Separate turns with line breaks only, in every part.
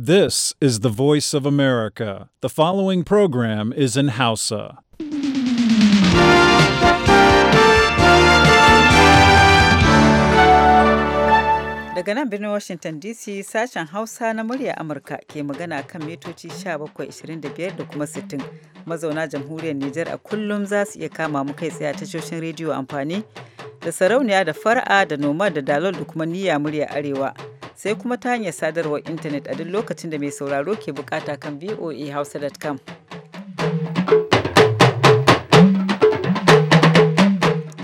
This is the voice of America. The following program is in Hausa.
Daga nan birnin Washington DC sashen Hausa na murya Amurka ke magana kan mitoci 1725 da kuma 60. Mazauna jamhuriyar Nijar a kullum za su iya kama mu kai tsaye a tashoshin rediyo amfani da sarauniya da fara da noma da dalol da kuma niyya murya arewa. sai kuma ta hanyar sadarwar intanet a duk lokacin da mai sauraro ke bukata kan voahausa.com.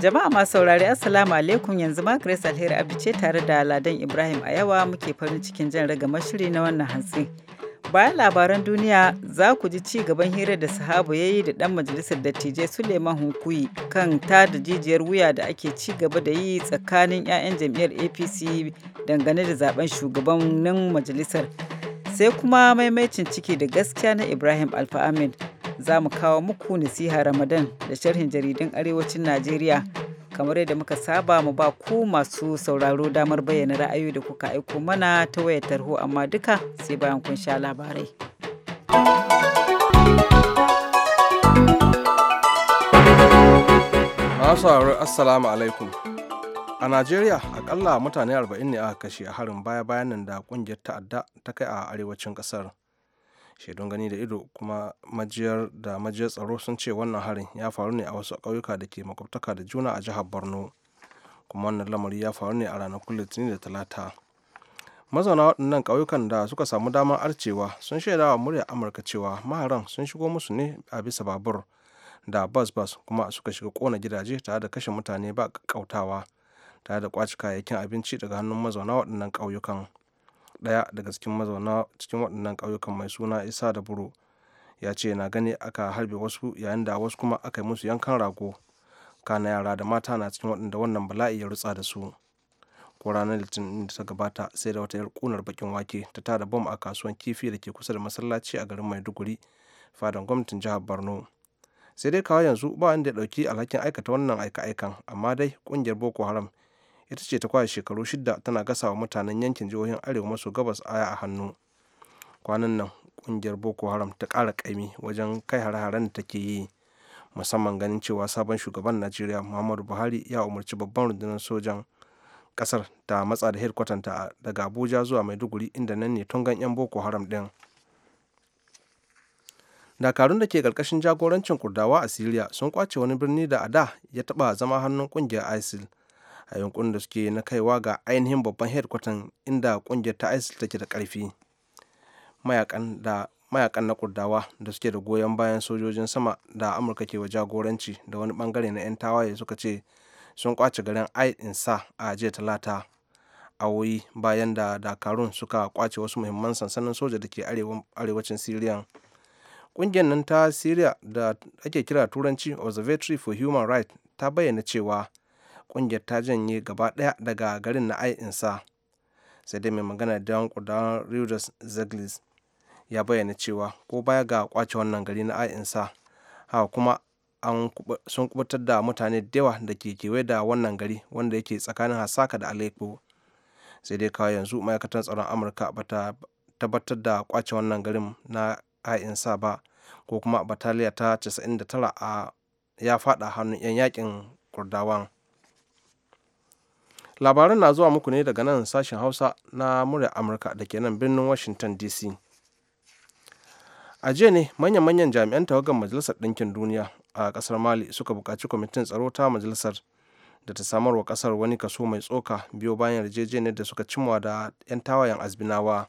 jama'a masu saurari assalamu alaikum yanzu ma grace alheri abu ce tare da ladan ibrahim a yawa muke farin cikin jan raga mashiri na wannan hantsi bayan labaran duniya za ku ji ci gaban hira da sahabu ya yi da dan majalisar dattijai suleiman hunkuyi kan ta da jijiyar wuya da ake ci gaba da yi tsakanin 'ya'yan jam'iyyar apc dangane da zaben shugabannin majalisar sai kuma maimaicin ciki da gaskiya na ibrahim alfa amin za mu kawo muku nasiha ramadan da sharhin jaridun arewacin najeriya kamar yadda muka saba mu ba ku masu sauraro damar bayyana ra'ayoyi da kuka aiko mana ta wayar tarho amma duka sai bayan kun sha labarai
masu assalamu alaikum a najeriya akalla mutane 40 ne aka kashe a harin baya-bayan nan da kungiyar ta'adda ta kai a arewacin kasar shaidun gani da ido kuma majiyar da majiyar tsaro sun ce wannan harin ya faru ne a wasu ƙauyuka da ke makwabtaka da juna a jihar borno kuma wannan lamari ya faru ne a ranar litinin da talata mazauna waɗannan ƙauyukan da suka samu damar arcewa sun shaida wa muryar amurka cewa maharan sun shigo musu ne a bisa babur da bas bas kuma suka shiga kona gidaje tare da kashe mutane ba ƙautawa ta da kwaci kayayyakin abinci daga hannun mazauna waɗannan ƙauyukan ɗaya daga cikin mazauna cikin waɗannan ƙauyukan mai suna isa da buru ya ce na gani aka harbe wasu yayin da wasu kuma aka yi musu yankan rago kana yara da mata na cikin waɗanda wannan bala'i ya rutsa da su ko ranar litinin da ta gabata sai da wata kunar bakin wake ta tada bom a kasuwan kifi da ke kusa da masallaci a garin maiduguri fadan gwamnatin jihar borno sai dai kawai yanzu ba wanda ya ɗauki alhakin aikata wannan aika-aikan amma dai ƙungiyar boko haram ita ce ta kwashe shekaru shida tana gasa wa mutanen yankin jihohin arewa maso gabas aya a hannu kwanan nan kungiyar boko haram ta kara ƙaimi wajen kai hare-haren da take yi musamman ganin cewa sabon shugaban najeriya muhammadu buhari ya umarci babban rundunar sojan kasar ta matsa da hedkwatanta daga abuja zuwa maiduguri inda nan ne tungan 'yan boko haram din dakarun da ke karkashin jagorancin kurdawa a syria sun kwace wani birni da a da ya taba zama hannun kungiyar isil a yankunan da suke na kaiwa ga ainihin babban headquarter inda kungiyar ta isil take da karfi mayakan na kurdawa da suke da goyon bayan sojojin sama da amurka ke wa jagoranci da wani bangare na 'yan tawaye suka ce sun kwace garin insa a jiya talata a awoyi bayan da dakarun suka kwace wasu muhimman sansanin soja da ke arewacin syria kungiyar nan ta syria da ake kira turanci observatory for human rights ta bayyana cewa ƙungiyar ta janye gaba ɗaya daga garin na insa sai dai mai magana da yawan kudan rudolf zeglis ya bayyana cewa ko baya ga kwace wannan gari na ai insa haka kuma an sun kubutar da mutane da yawa da ke kewaye da wannan gari wanda yake tsakanin hasaka da aleppo sai dai kawai yanzu ma'aikatar tsaron amurka ba ta tabbatar da kwace wannan garin na sa ba ko kuma bataliya ta 99 a ya fada hannun 'yan yakin kurdawan labaran na zuwa muku ne daga nan sashen hausa na murya amurka da ke nan birnin washington dc a jiya ne manyan-manyan jami'an tawagar majalisar ɗinkin duniya a ƙasar mali suka buƙaci kwamitin tsaro ta majalisar da ta samarwa ƙasar wani kaso mai tsoka biyo bayan yarjejeniyar da suka cimwa da 'yan tawayen azbinawa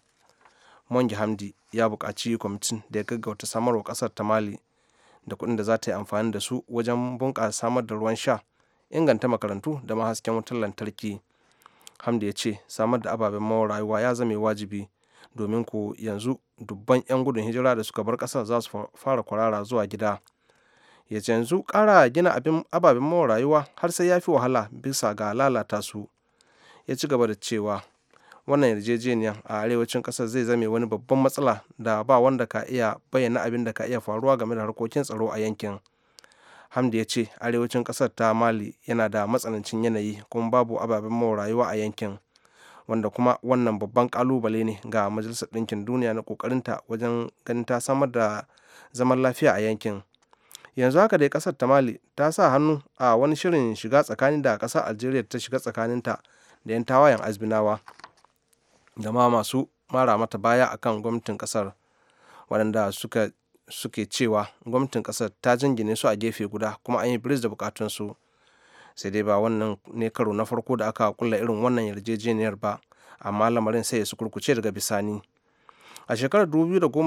mongi hamdi ya buƙaci kwamitin da ya gaggauta samarwa ƙasar ta mali da kuɗin da za ta yi amfani da su wajen bunƙasa samar da ruwan sha inganta makarantu da mahasken hasken wutar lantarki hamda ya ce samar da ababen mawa rayuwa ya zame wajibi domin ko yanzu dubban 'yan gudun hijira da suka bar ƙasar za su fara kwarara zuwa gida ya ce yanzu kara gina ababen mawa rayuwa har sai ya fi wahala bisa ga lalata su ya ci gaba da cewa wannan yarjejeniya a arewacin ƙasar zai zame wani babban matsala da ba wanda ka iya bayyana abin da ka iya faruwa game da harkokin tsaro a yankin. hamda ya ce arewacin ƙasar ta mali yana da matsanancin yanayi kuma babu ababen mawa rayuwa a yankin wanda kuma wannan babban kalubale ne ga majalisar ɗinkin duniya na ƙoƙarinta wajen ganin ta samar da zaman lafiya a yankin yanzu haka dai ƙasar ta mali ta sa hannu a wani shirin shiga tsakanin da ƙasar algeria ta shiga ta da 'yan tawayen azbinawa da ma masu mara mata baya akan gwamnatin ƙasar waɗanda suka suke cewa gwamnatin kasar ta jingine su a gefe guda kuma an yi biris da bukatunsu sai dai ba wannan ne karo na farko da aka kulla irin wannan yarjejeniyar ba amma lamarin sai ya su kurkuce daga bisani a shekarar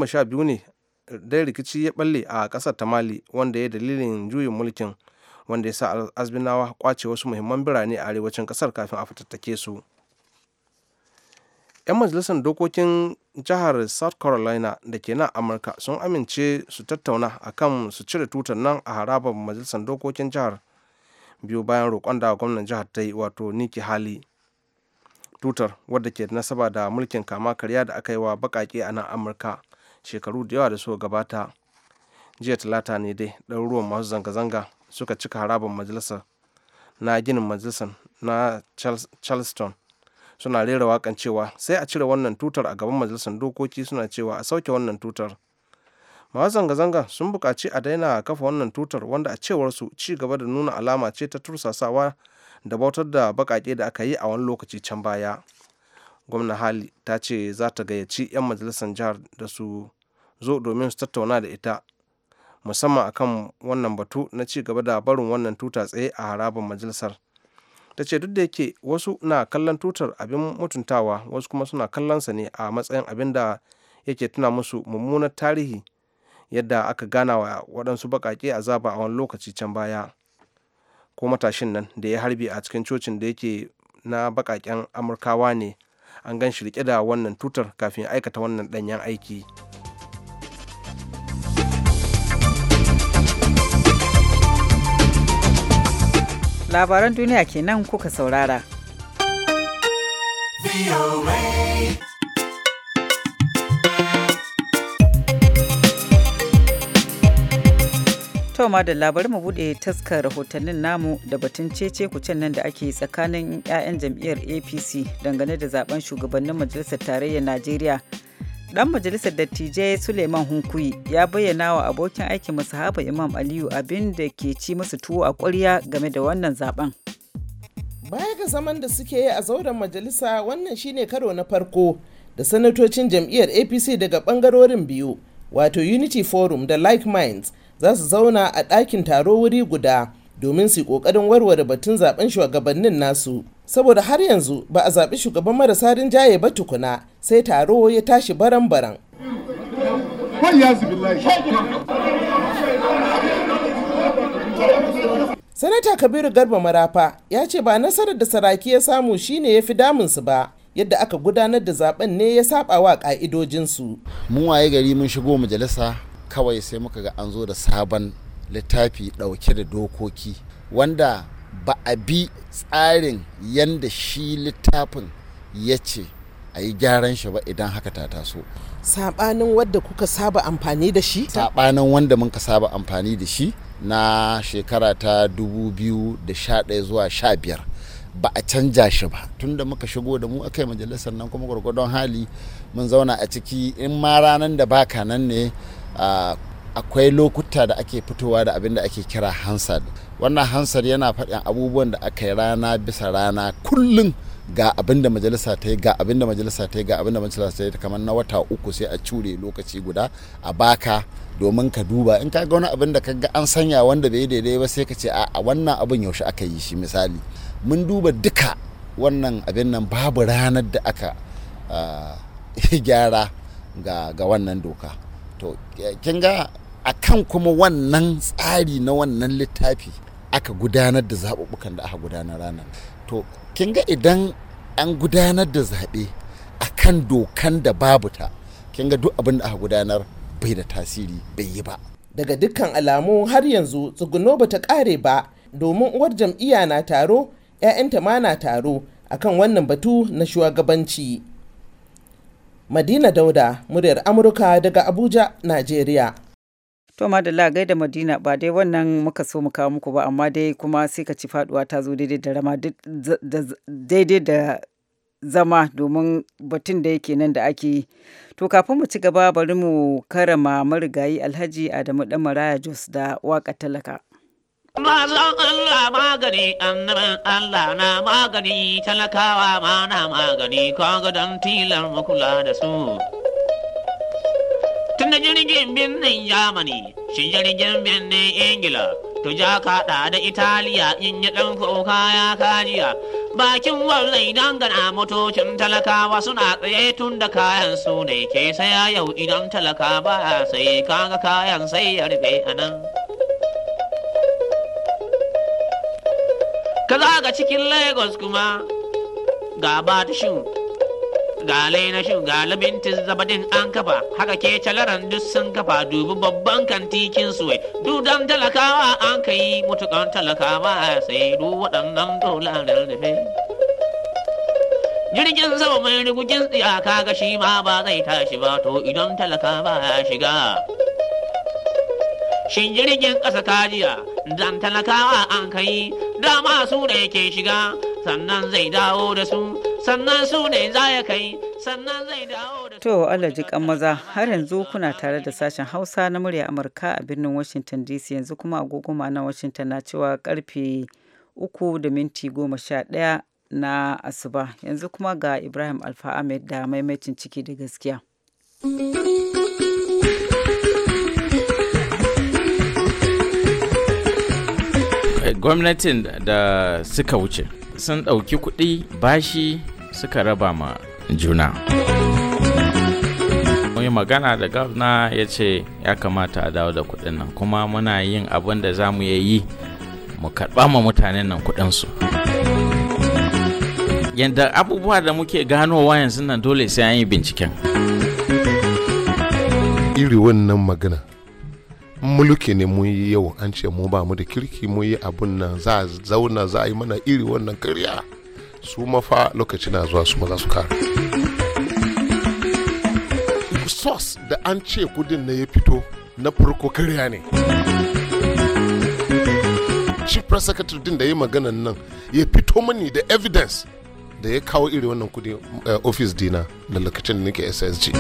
sha biyu ne dai rikici ya balle a kasar ta mali wanda ya dalilin juyin mulkin wanda ya sa azbinawa kwace wasu muhimman birane a arewacin kasar kafin a fitattake su 'yan majalisar dokokin jihar south carolina da ke nan amurka sun amince su tattauna a kan su cire tutar nan a harabar majalisar dokokin jihar biyu bayan roƙon da gwamnan jihar ta yi wato niki hali tutar wadda ke nasaba da mulkin kama karya da aka yi wa baƙaƙe a nan amurka shekaru da yawa da suka gabata jiya talata ne dai ɗaruruwan masu zanga-zanga suka cika harabar majalisar na ginin majalisar na charleston suna rera wakan cewa sai a cire wannan tutar a gaban majalisar dokoki suna cewa a sauke wannan tutar masu zanga-zanga sun buƙaci a daina kafa wannan tutar wanda a cewarsu ci gaba da nuna alama ce ta tursasawa da bautar da baƙaƙe da aka yi a wani lokaci can baya gwamna hali ta ce za ta gayyaci 'yan majalisar jihar da su zo domin su tattauna da ita musamman akan wannan batu na ci gaba da barin wannan tuta tsaye a harabar majalisar ta ce duk da yake wasu na kallon tutar abin mutuntawa wasu kuma suna kallon sa ne a matsayin abin da yake tuna musu mummunar tarihi yadda aka gana wa waɗansu baƙaƙe zaba a wani lokaci can baya ko matashin nan da ya harbi a cikin cocin da yake na baƙaƙen amurkawa ne an gan shi da wannan tutar kafin aikata wannan
ɗanyen aiki. labaran duniya kenan kuka saurara. ma da labarin mu bude taskar rahotannin namu da batun cece kucin nan da ake tsakanin 'ya'yan jam'iyyar APC dangane da zaben shugabannin majalisar tarayyar Najeriya. Dan majalisar dattijai Suleiman Hunkuyi ya bayyana wa abokin aikin masahaba Imam Aliyu abin da ke ci musu tuwo a ƙwarya game da wannan zaben.
Baya ga zaman da suke yi a zauren majalisa wannan shine karo na farko da sanatocin jam'iyyar APC daga bangarorin biyu wato Unity Forum da Like Minds za su zauna a ɗakin taro wuri guda domin su yi ƙoƙarin warware batun zaben shugabannin nasu. saboda har yanzu ba a zaɓi shugaban marasa rinjaye ba tukuna sai taro ya tashi baran-baran. sanata kabiru garba marafa ya ce ba nasarar da saraki ya samu shine ya fi damunsu ba yadda aka gudanar da zaben ne ya saba wa ka'idojinsu mu waye gari mun shigo majalisa kawai sai muka ga an zo da sabon
littafi dauke da dokoki wanda ba a bi tsarin yadda shi littafin ya ce a yi gyaran shi ba idan haka ta taso
sabanin wadda kuka saba amfani da shi
sabanin wanda muka saba amfani da shi na shekara ta 2011 zuwa 15 ba a canja shi ba tunda muka shigo da mu aka yi majalisar nan kuma gwargwadon hali mun zauna a ciki in ma ranar da baka nan ne ah, akwai lokuta da ake fitowa da abin da ake kira hansard wannan hansar yana faɗin abubuwan da aka yi rana bisa rana kullum ga abin da majalisa ta yi ga abin da majalisa ta yi ga abin da majalisa ta yi kamar na wata uku sai a cure lokaci guda a baka domin ka duba in ka ga wani abin da ka ga an sanya wanda bai daidai ba sai ka ce a wannan abin yaushe aka yi shi misali mun duba duka wannan abin nan babu ranar da aka ah, gyara ga wannan doka to eh, kin ga akan kuma wannan tsari na wannan littafi aka gudanar da zaɓuɓɓukan da aka gudanar ranar to kin ga idan an gudanar da zaɓe a kan dokan da babu ta kin ga duk abin da aka gudanar bai da tasiri bai yi ba
daga dukkan alamu har yanzu tsuguno ba ta ƙare ba domin uwar jam'iyya na taro 'ya'yanta ma na taro akan wannan batu na shugabanci madina dauda muryar amurka daga abuja najeriya
To madalla da Madina ba dai wannan muka so mu kawo muku ba amma dai kuma sai ka ci faduwa ta zo daidai da rama daidai da zama domin batun da yake nan da ake yi. To kafin mu ci gaba bari mu karama marigayi Alhaji Adamu Dan Maraya Jos da waka talaka.
Mazan Allah magani, annabin Allah na magani, talakawa ma na magani, kaga gadon tilar makula da su. na jirgin birnin Yamani, shi jirgin birnin Ingila, to ja da Italiya in yi ɗan kuka ya kajiya. Bakin wallai dangana motocin talakawa suna tsaye tun da kayan su ne ke saya yau idan talaka ba sai kaga kayan sai ya rufe a nan. Ka zaga cikin Lagos kuma ga ga na shin ga labintin zabadin an kafa haka ke calaran duk sun kafa dubi babban kantikin suwai dudan talakawa an ka yi mutukan talakawa sai du waɗannan dolarar da jirgin sama mai rigugin tsiyaka ga shi ma ba zai tashi ba to idan talaka ba ya shiga shin jirgin ƙasa kajiya dan talakawa an kai dama su da yake shiga sannan zai dawo da su sannan su ne za ya kai sannan zai dawo
da to Allah ji kan maza har yanzu kuna tare da sashen Hausa na murya Amurka a birnin Washington DC yanzu kuma agogoma na Washington na cewa karfe uku da minti goma sha ɗaya na asuba yanzu kuma ga Ibrahim Alfa Ahmed da maimacin ciki da gaskiya.
gwamnatin da suka wuce sun ɗauki kuɗi bashi suka raba ma juna Mai magana da gavna ya ce ya kamata a dawo da kuɗin nan kuma muna yin abin da za mu yi mu karɓa ma mutanen nan kuɗinsu yadda abubuwa da muke ganowa yanzu nan dole sai an yi binciken
iri wannan magana mulki ne mun yi yau an ce mu ba mu da kirki mun yi abun nan za a zauna za a yi mana iri wannan karya su mafa lokaci na zuwa su ma za su kare sos da an ce kudin na ya fito na farko karya ne chief press secretary din da ya maganan nan ya fito mani da evidence
da ya kawo iri wannan kudin
eh, office dina da lokacin da nake ssg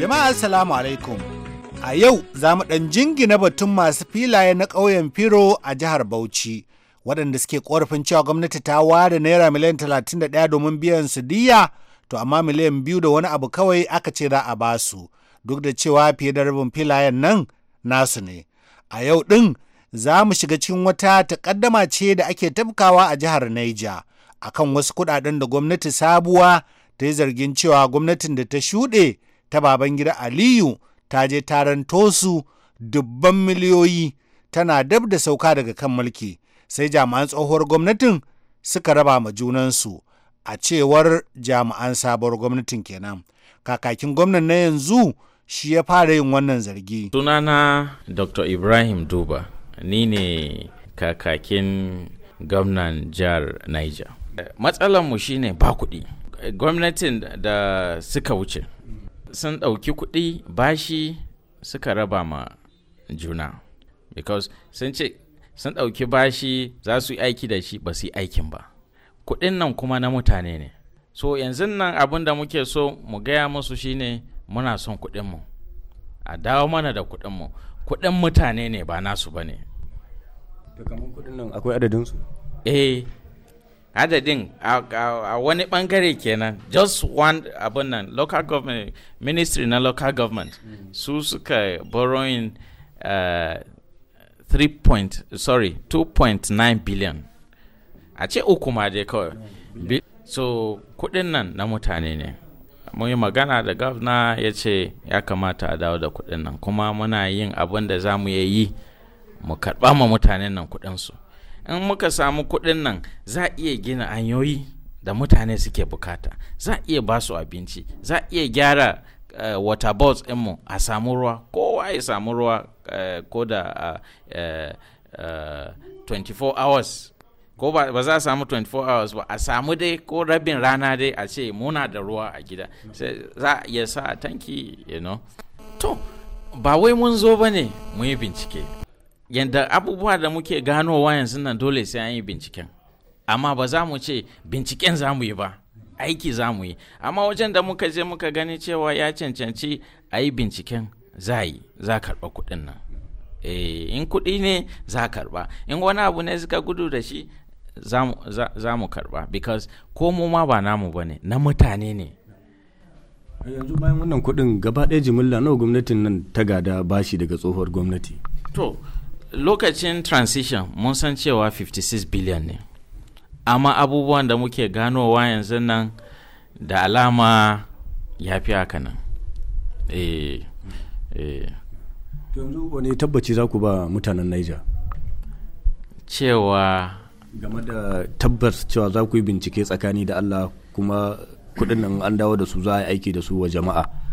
jama'a assalamu alaikum A yau za mu ɗan jingina batun masu filaye na ƙauyen Firo a jihar Bauchi, waɗanda suke ƙorafin cewa gwamnati ta ware naira miliyan 31 domin biyan su diya, to amma miliyan biyu da wani abu kawai aka ce za a ba su, duk da cewa fiye da rabin filayen nan nasu ne. A yau ɗin za mu shiga cikin wata takaddama ce da ake tafkawa a jihar Niger akan wasu kuɗaɗen da gwamnati sabuwa ta yi zargin cewa gwamnatin da ta shuɗe ta Babangida Aliyu ta je taranto su dubban miliyoyi tana dab da sauka daga kan mulki sai jami'an tsohuwar gwamnatin suka raba ma junansu a cewar jami'an sabuwar gwamnatin kenan kakakin gwamnan na yanzu shi ya fara yin wannan zargi
sunana dr ibrahim duba ni ne kakakin gwamnan jihar niger mu shine ba kuɗi gwamnatin da suka wuce sun ɗauki kuɗi bashi suka raba ma juna because sun ce sun ɗauki bashi za su yi aiki da shi ba su yi aikin ba kuɗin nan kuma na mutane ne so yanzu nan abin da muke so mu gaya musu shine muna son kuɗinmu a dawo mana da kuɗinmu kuɗin mutane ne ba nasu ba ne kuɗin nan
akwai adadinsu
eh adadin a wani bangare kenan just one abin nan local government ministry na local government su suka borrowing uh, 3 point sorry 2.9 billion a ce uku ma dai kawai so kudin nan na mutane ne mun yi magana da gavna ya ce ya kamata a dawo da kudin nan kuma muna yin abun da za mu yi mu karɓa ma mutanen nan kudinsu su in muka samu kuɗin nan za a iya gina hanyoyi da mutane suke bukata za a iya ba su abinci za a iya gyara uh, water bots mu a samu ruwa kowa ya samu ruwa eh, ko da uh, uh, 24 hours ko ba za a samu 24 hours ba a samu dai ko rabin rana dai a ce muna da ruwa a gida sai za a iya sa tanki you know to ba wai mun zo ba ne mu yi bincike yadda abubuwa da muke ganowa yanzu nan dole sai an yi binciken amma ba za mu ce binciken za mu yi ba aiki za mu yi amma wajen da muka je muka gani cewa ya cancanci a yi binciken za yi za karɓa kuɗin nan eh, in kuɗi ne za karɓa in wani abu ne suka gudu da shi za mu karɓa because ko mu ma ba namu ba ne na mutane ne yanzu
bayan wannan kuɗin gaba ɗaya jimilla nawa gwamnatin nan ta gada bashi daga tsohuwar gwamnati
to lokacin transition mun san cewa 56 billion ne amma abubuwan da muke ganowa yanzu nan da alama ya fi haka nan eh, eh.
yanzu wani tabbaci za ku ba mutanen Niger? cewa game da tabbas cewa za ku yi bincike tsakani da Allah kuma kudin nan an dawo da su za a yi aiki da su wa jama'a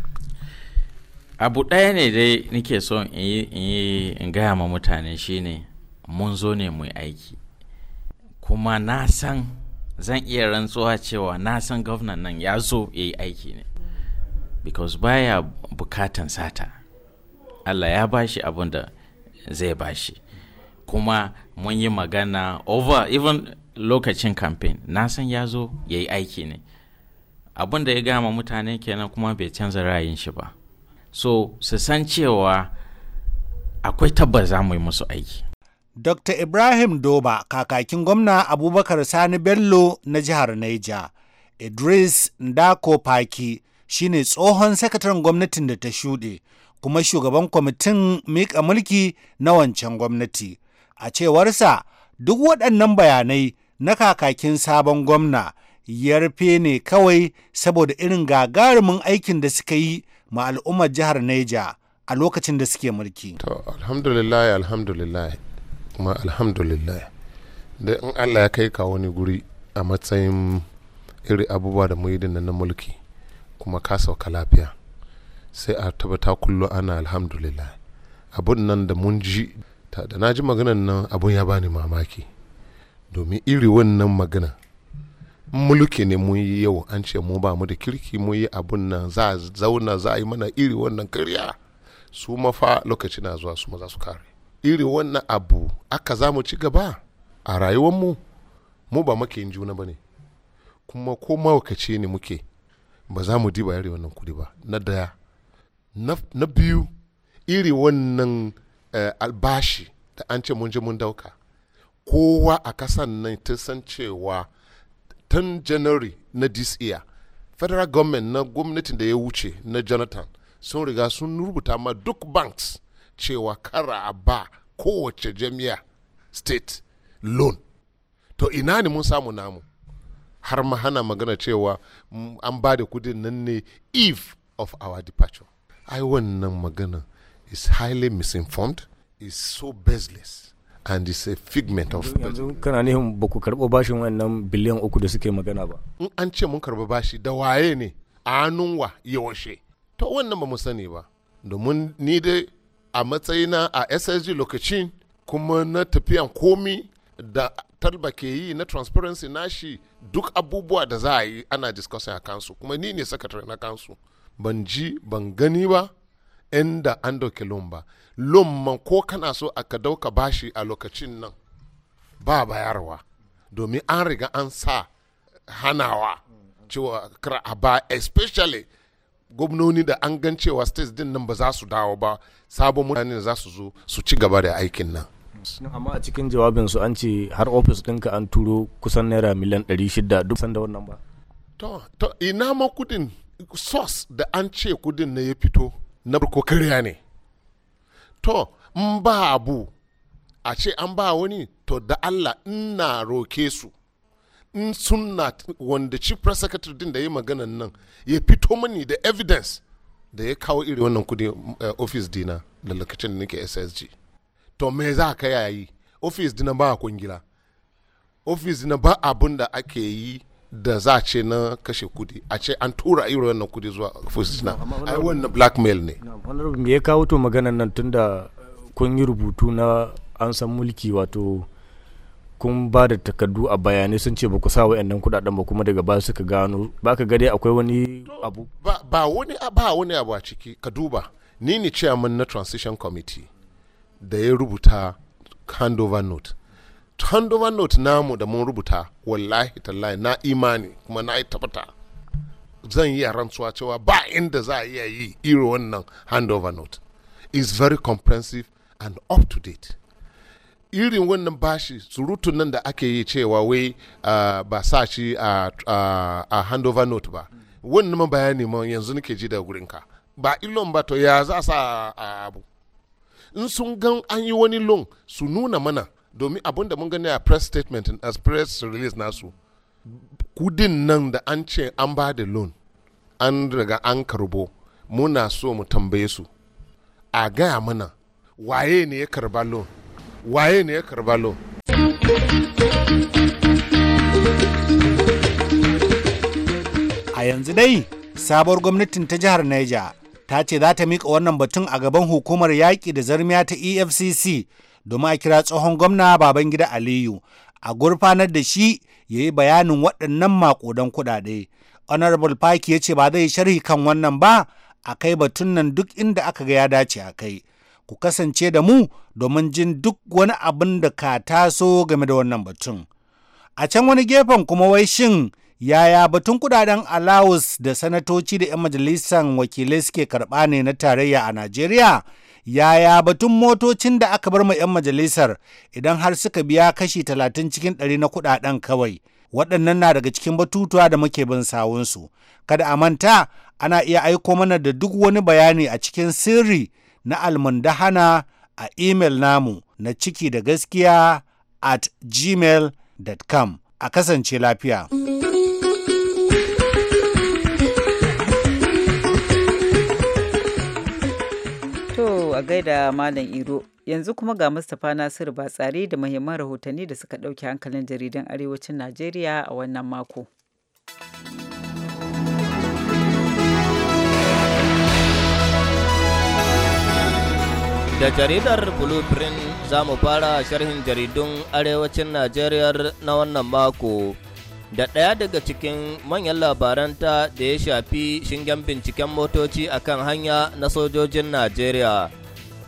abu ɗaya ne dai nake so in yi in gaya ma mutane shine mun zo ne mu aiki kuma na san zan iya rantsuwa cewa na san gwamnan nan ya zo ya yi aiki ne because baya bukatan sata allah ya bashi abin da zai bashi kuma mun yi magana over even lokacin campaign na san ya zo ya yi aiki ne abin da ya gama mutane kenan kuma bai canza ra'ayin shi ba so su san cewa akwai tabbas za mu yi
musu aiki Dr. Ibrahim Doba kakakin gwamna Abubakar Sani Bello na jihar Naija, Idris Ndako shi shine tsohon sakataren gwamnatin da ta shuɗe kuma shugaban kwamitin miƙa mulki na wancan gwamnati. A cewarsa duk waɗannan bayanai na kakakin sabon gwamna yarfe ne kawai saboda irin gagarumin aikin da suka yi ma al'ummar jihar Neja a lokacin da suke mulki. To
alhamdulillah alhamdulillah kuma alhamdulillah da in Allah ya kai ka wani guri a matsayin iri abubuwa da muyi na mulki kuma ka sauka lafiya sai a tabbata kullu ana alhamdulillah abun nan da mun ji da na ji maganan nan abun ya bani mamaki domin iri wannan magana mulki ne mun yi yau an ce mu ba mu da kirki mun yi abun nan za a zauna za a yi mana iri wannan karya su mafa lokaci na zuwa su za su kare iri wannan abu aka za mu ci gaba a rayuwarmu mu ba yin juna ba ne kuma ko mawakaci ne muke ba za mu diba iri wannan kudi ba na daya na biyu iri wannan eh, albashi da an ce mun je mun dauka kowa a kasan nan ta san cewa tun january na this year federal government na gwamnatin da ya wuce na jonathan sun riga sun rubuta ma duk banks cewa kara a ba kowace jami'a state loan to ina ne mun samu namu har ma hana magana cewa an ba da kudin nan ne eve of our departure ai wannan magana is highly misinformed is so
baseless and it's a figment of yanzu kana ne ba ku karɓo bashin wannan biliyan uku da suke magana ba
in an ce mun karɓi bashi da waye ne a wa yaushe to wannan ba mu sani ba domin ni dai a matsayina a ssg lokacin kuma na tafiyan komi da talba ke yi na transparency na shi duk abubuwa da za a yi ana discussing a kansu kuma ni ne sakatare na kansu ban ji ban gani ba inda an dauke lumba ba ko kana so a ka dauka bashi a lokacin nan ba bayarwa domin an riga an sa hanawa cewa a ba especially gwamnoni da an gan cewa states din nan ba za su dawo ba sabon mutane za su zo su ci gaba da aikin
nan amma a cikin jawabin su an ce har ofis ɗinka an turo kusan naira miliyan 600 duk sanda wannan ba
to ina ma kudin source da an ce kudin na ya fito na ko kariya ne to in abu a ce an ba wani to da allah ina roke su in suna wanda chief press din da ya maganan nan ya fito mani da evidence da ya kawo iri wannan kudi eh, office dina da lokacin da nake ssg to me za ka yayi office dina ba kungila office dina ba abun da ake yi da za a ce na kashe kudi a ce an tura irin wannan kudi zuwa na ai wannan blackmail ne
me ya kawo to maganan nan tunda kun yi rubutu na an san mulki wato kun ba da takardu a bayanai sun ce ba ku sa wa'annan kudaden ba kuma daga ba suka gano ba ka gade akwai wani abu
ba wani ba wani abu a ciki ka duba ni ne chairman na transition committee da ya rubuta handover note handover note namu da mun rubuta wallahi tallahi na imani kuma na yi tabbata zan yi rantsuwa cewa ba inda za a iya yi iri wannan handover note is very comprehensive and up to date irin wannan bashi surutun nan da ake yi cewa wai ba sa shi a handover note ba wannan ma bayani ma yanzu nake ji da ka ba ilon ba to ya za sa abu in sun gan an yi wani loan su nuna mana domin abin da mun gani a press statement a press release nasu kudin nan da an ce an ba da loan an riga an karbo muna so mu tambaye su a gaya mana waye ne ya karba loan
waye ne ya karba loan a yanzu dai sabuwar gwamnatin ta jihar Niger ta ce za ta miƙa wannan batun a gaban hukumar yaƙi da zarmiya ta efcc domin a kira tsohon gwamna Babangida Aliyu a gurfanar da shi ya yi bayanin waɗannan maƙudan kuɗaɗe. Honorable Faki ya ce ba zai sharhi kan wannan ba a kai batun nan duk inda aka ga ya dace a kai. Ku kasance da mu domin jin duk wani abin da ka taso game da wannan batun. A can wani gefen kuma wai shin yaya batun kudaden alawus da sanatoci da 'yan majalisar wakilai suke karɓa ne na tarayya a Najeriya? yaya batun motocin da aka bar ma 'yan majalisar idan har suka biya kashi talatin cikin 100 na kudaden kawai waɗannan na daga cikin batutuwa da muke bin sawunsu kada a manta ana iya aiko mana da duk wani bayani a cikin sirri na almundahana a imel namu na ciki da gaskiya at gmail.com a kasance lafiya. Mm.
a gaida Malam Iro. Yanzu kuma ga Mustapha Nasiru Batsari da muhimman rahotanni da suka ɗauki hankalin jaridan Arewacin Najeriya a wannan mako.
Da jaridar Blueprint za mu fara sharhin jaridun Arewacin Najeriya na wannan mako. da ɗaya daga cikin manyan labaranta da ya shafi shingen binciken motoci a kan hanya na sojojin Najeriya.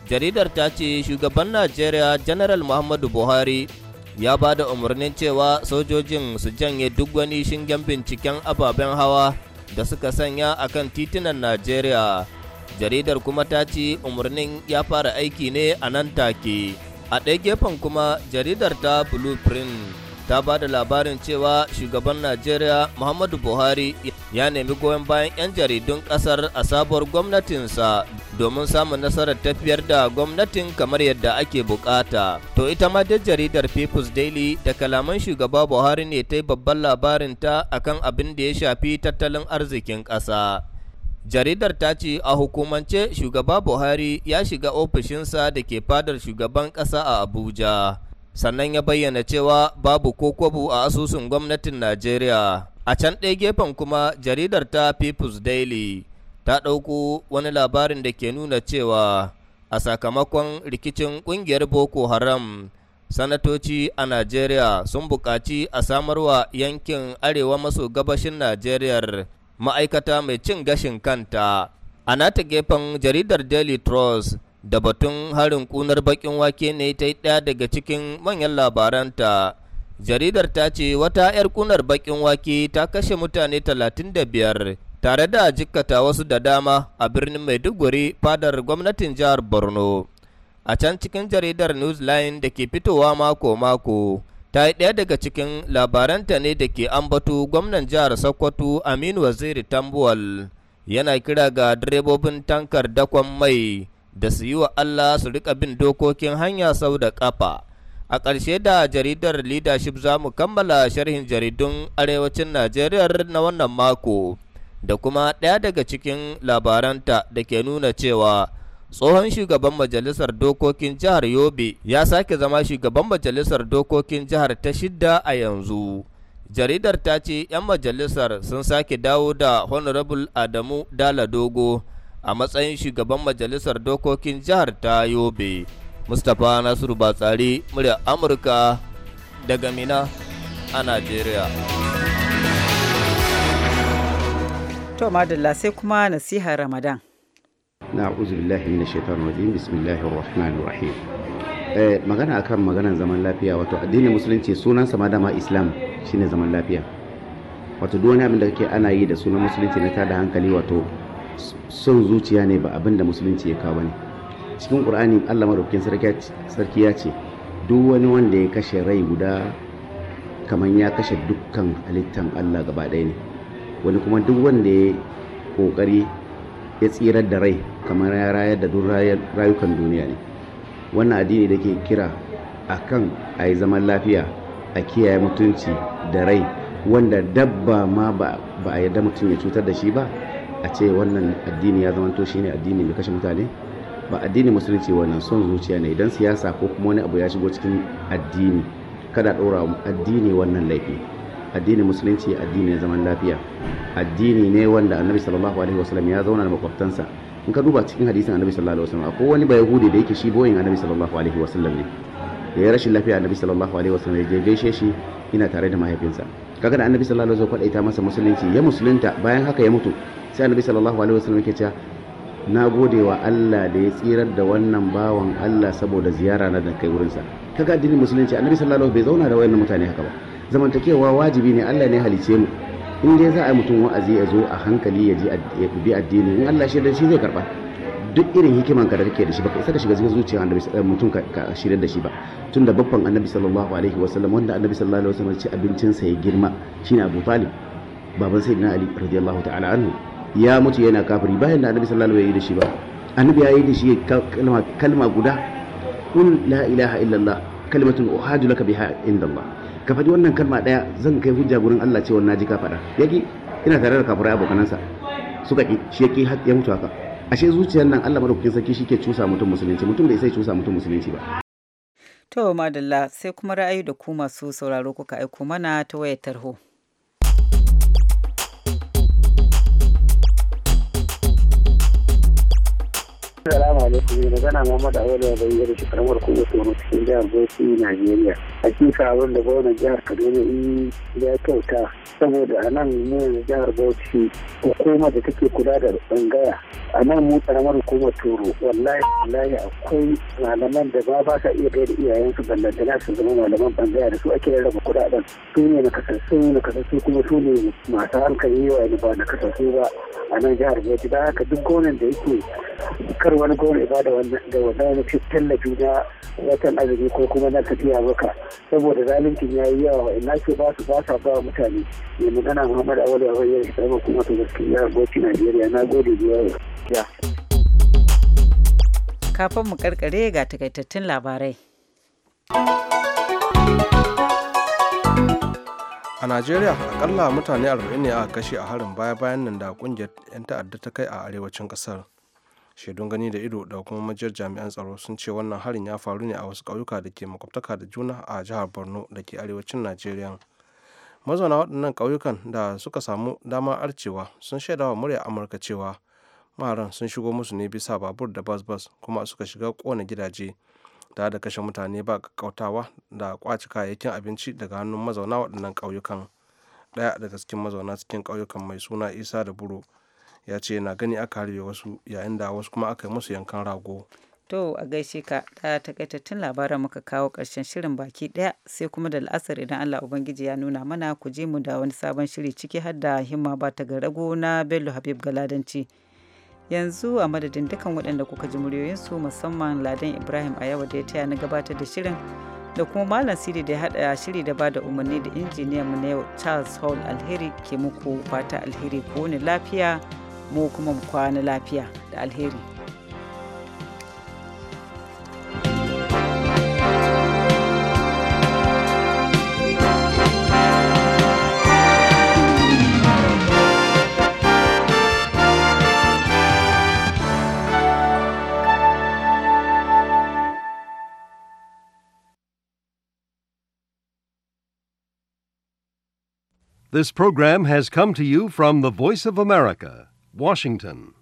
jaridar ta ce shugaban najeriya janaral muhammadu buhari ya ba da umarnin cewa sojojin su janye duk wani shingen binciken ababen hawa da suka sanya a kan titunan najeriya jaridar kuma ta ce umarnin ya fara aiki ne a nan take a ɗaya gefen kuma jaridar ta blueprint ta ba da labarin cewa shugaban najeriya muhammadu buhari ya ya nemi goyon bayan 'yan jaridun ƙasar a sabuwar gwamnatinsa domin samun nasarar tafiyar da gwamnatin kamar yadda ake bukata. To ita ma dai jaridar People's Daily da kalaman shugaba Buhari ne ta yi babban labarin ta akan abin da ya shafi tattalin arzikin ƙasa. jaridar ta ce a hukumance shugaba buhari ya shiga ofishinsa da ke fadar shugaban ƙasa a abuja sannan ya bayyana cewa babu ko a asusun gwamnatin najeriya A can ɗaya gefen kuma jaridar ta People's Daily ta ɗauko wani labarin da ke nuna cewa a sakamakon rikicin ƙungiyar Boko Haram sanatoci a Najeriya sun buƙaci a samarwa yankin arewa maso gabashin Najeriya ma'aikata mai cin gashin kanta. A nata gefen jaridar Daily Trust da batun harin ƙunar baƙin wake ne ta yi ɗaya daga cikin manyan labaranta. jaridar ta ce wata 'yar kunar bakin wake ta kashe mutane 35 tare da jikkata wasu da dama a birnin maiduguri fadar gwamnatin jihar borno a can cikin jaridar newsline da ke fitowa mako-mako ta yi ɗaya daga cikin labaranta ne da ke ambato gwamnan jihar sokoto aminu waziri tambuwal yana kira ga direbobin tankar dakon mai da su yi wa allah su rika bin dokokin hanya sau da ƙafa A ƙarshe da jaridar leadership za mu kammala sharhin jaridun arewacin Najeriya na wannan mako da kuma ɗaya daga cikin labaranta da ke nuna cewa tsohon shugaban majalisar dokokin jihar Yobe ya sake zama shugaban majalisar dokokin jihar ta shidda a yanzu. Jaridar ta ce 'yan majalisar sun sake dawo da Honorable Adamu Dala Dogo a matsayin shugaban majalisar dokokin jihar ta Yobe. mustapha nasiru batsari murya amurka daga mina a najeriya
to madalla sai kuma nasiha ramadan
na'udhu billahi minash shaitanir rajim bismillahir rahmanir rahim eh magana akan maganan zaman lafiya wato addinin musulunci sunansa ma islam shine zaman lafiya wato duk wani abin da kake ana yi da sunan musulunci na tada hankali wato son zuciya ne ba abin da musulunci ya kawo ne cikin ƙur'ani Allah madaukakin sarki ya ce duk wani wanda ya kashe rai guda kamar ya kashe dukkan halittan Allah gaba ɗaya ne wani kuma duk wanda ya kokari ya tsirar da rai kamar ya rayar da duk rayukan duniya ne wannan addini da ke kira a kan a yi zaman lafiya a kiyaye mutunci da rai wanda dabba ma ba a yarda mutum ya cutar da shi ba a ce wannan addini ya zamanto ne addini mai kashe mutane ba addinin musulunci wannan son zuciya ne idan siyasa ko kuma wani abu ya shigo cikin addini kada ɗora addini wannan laifi addinin musulunci addini ne zaman lafiya addini ne wanda annabi sallallahu alaihi wasallam ya zauna da makwabtansa in ka duba cikin hadisin annabi sallallahu alaihi wasallam akwai wani bayahudi da yake shi boyin annabi sallallahu alaihi wasallam ne da ya rashin lafiya annabi sallallahu alaihi wasallam ya je gaishe shi ina tare da mahaifinsa kaga da annabi sallallahu alaihi wasallam kwadaita masa musulunci ya musulunta bayan haka ya mutu sai annabi sallallahu alaihi wasallam yake cewa na gode wa Allah da ya tsirar da wannan bawan Allah saboda ziyara na da kai wurinsa kaga addinin musulunci annabi sallallahu bai zauna da wayannan mutane haka ba zamantakewa wajibi ne Allah ne halice mu in dai za a mutum wa'azi ya zo a hankali ya ji ya bi addini in Allah shi da shi zai karba duk irin hikiman ka da kake da shi baka isa ka shiga cikin zuciya annabi eh, mutum ka shirin da shi ba tunda babban annabi sallallahu alaihi wasallam wanda annabi sallallahu alaihi wasallam ci abincin sa ya girma shine Abu Talib baban sayyidina Ali radiyallahu ta'ala anhu ya mutu yana kafiri bayan da annabi sallallahu alaihi wasallam ya yi da shi ba annabi ya yi da shi kalma kalma guda kun la ilaha illallah kalimatun uhadu laka biha indallah ka faɗi wannan kalma ɗaya zan kai hujja gurin Allah cewa na ji ka faɗa yaki ina tare da kafirai abokanansa suka ki shi yake ya mutu haka ashe zuciyar nan Allah madaukakin sarki shi ke cusa mutum musulunci mutum da sai cusa mutum musulunci ba
to madalla sai kuma ra'ayi da ku masu sauraro kuka aiko mana ta wayar tarho
Salamu alaikum mai magana Muhammad Awolo bai yi karamar kuma tsoro cikin jihar Bauchi Najeriya. Hakika abin da gwamnan jihar Kaduna in ya kyauta saboda a nan mu jihar Bauchi hukuma da take kula da tsangaya a nan mu karamar hukumar Toro wallahi wallahi akwai malaman da ba ba ka iya gaida iyayensu ballantana su zama malaman bangaya da su ake rarraba kuɗaɗen su ne na kasassu na kasassu kuma su ne masu hankali yawa ba na kasassu ba a nan jihar Bauchi da haka duk gwamnan da yake kar wani goma ba da wannan tallafi na watan azumi ko kuma na tafiya maka saboda zalincin ya yi yawa ina ce ba su ba sa ba mutane mai magana muhammad awali a wajen shi ba kuma to gaskiya gwamnati najeriya na gode biyar ya.
kafin mu karkare ga takaitattun labarai.
a najeriya akalla mutane 40 ne aka kashe a harin baya-bayan nan da kungiyar 'yan ta'adda ta kai a arewacin kasar shaidun gani da ido da kuma majiyar jami'an tsaro sun ce wannan harin ya faru ne a wasu ƙauyuka da ke makwabtaka da juna a jihar borno da ke arewacin najeriya mazauna waɗannan ƙauyukan da suka samu damar arcewa sun wa murya amurka cewa maran sun shigo musu ne bisa babur da bas-bas kuma suka shiga kona gidaje da da kashe mutane ba kakkautawa da kwaci kayayyakin abinci daga hannun mazauna waɗannan ƙauyukan ɗaya daga cikin mazauna cikin ƙauyukan mai suna isa da buru ya ce na gani aka harbe wasu yayin da wasu kuma aka yi musu yankan rago
to a gaishe ka da takaitattun labaran muka kawo karshen shirin baki daya sai kuma da la'asar idan allah ubangiji ya nuna mana ku je mu da wani sabon shiri ciki har da himma ba ta rago na bello habib galadanci yanzu a madadin dukan waɗanda kuka ji muryoyinsu musamman ladan ibrahim a yawa da ya taya na gabatar da shirin da kuma malam siri da ya haɗa shiri da ba da umarni da injiniyan mu na yau charles hall alheri ke muku fata alheri ko wani lafiya mu kuma mu kwana lafiya da alheri This program has come to you from the Voice of America, Washington.